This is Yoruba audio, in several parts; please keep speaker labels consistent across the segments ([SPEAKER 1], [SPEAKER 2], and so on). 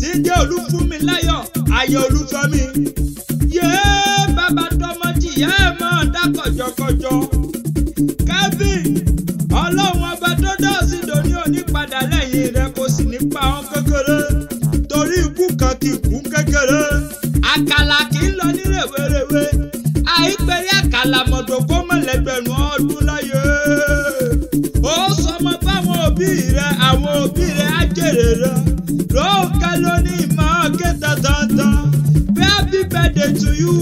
[SPEAKER 1] tí ń jẹ́ olúfúnmi láyọ̀ ayọ̀ olúfọ́mi. yéé bàbá tọmọ tìyá ẹ̀ máa dá kọjọkọjọ. kevin ọlọ́run ọba tó dọ́ọ̀sì lóní onípadà lẹ́yìn rẹ̀ kò sì ní pa ọ́n kékeré torí ikú kan kì í kú kékeré. àkàlà kì í lọ ní rèwerèwe àìpẹ̀rẹ̀ àkàlà mọ̀dọ̀ mọ̀lẹ́gbẹ̀rún ọdún láyé. ó sọmọ fáwọn òbí rẹ̀ àwọn òbí rẹ̀ á jèrè rẹ̀. Rokaloni Maketa Tata. Happy birthday to you,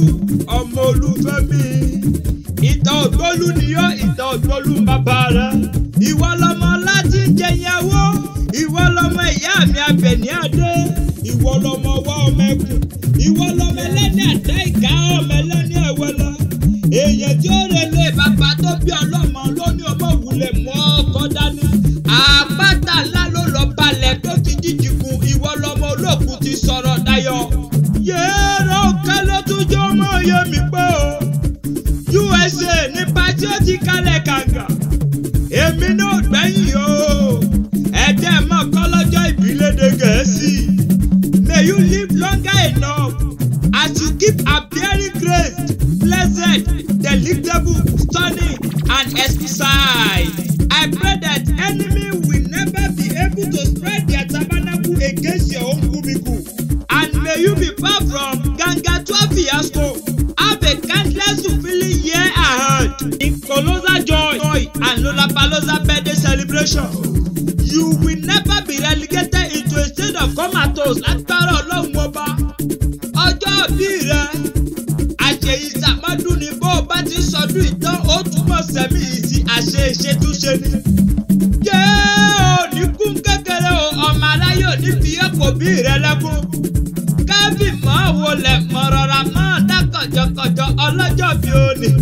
[SPEAKER 1] ọmọ Olúfẹ́mi. Ìtàn ògbólú ni yọ ìtàn ògbólú bàbá rẹ̀. Ìwọ lọmọ láti jẹyàwó. Ìwọ lọmọ ìyá mi Abẹ̀ní Adé. Ìwọ lọmọ ọwọ́ ọmọ ẹkùn. Ìwọ lọmọ ẹlẹ́ni àtẹ ìka ọmọ ẹlẹ́ni ẹ̀wẹ̀lẹ̀. Èèyàn tí ó relé bàbá tó bí ọlọ́mọ ló ọmọ òwúlẹ̀ mọ́. ní pàṣẹ ó ti kalẹ̀ kàǹgà èmi náà gbẹ̀yìn o ẹ̀dẹ́ mọ̀ kọ́ lọ́jọ́ gẹ̀ẹ́sì may you live longer enough as you keep appearing great, blessed delectable stunning and exercise I pray that enemy will never be able to spread. and Lollapalooza birthday celebration. You will never be relegated into a state of comatose látara ọlọ́run ọba. Ọjọ́ bí rẹ̀ àṣẹ ìsàmọ́dún ni bó o bá ti sọdún ìtàn ó túmọ̀ sẹ́mi ìsì àṣẹ ìṣètúnṣe ni. Yé òní kékeré o ọmọ aráyé òní fi ẹ̀kọ́ bí rẹ̀ lẹ́kún. Kẹ́fì mọ́ wọlé mọ̀rọ̀ra mọ́ dákọ̀jọkọ̀jọ ọlọ́jọ́ bí ó ní.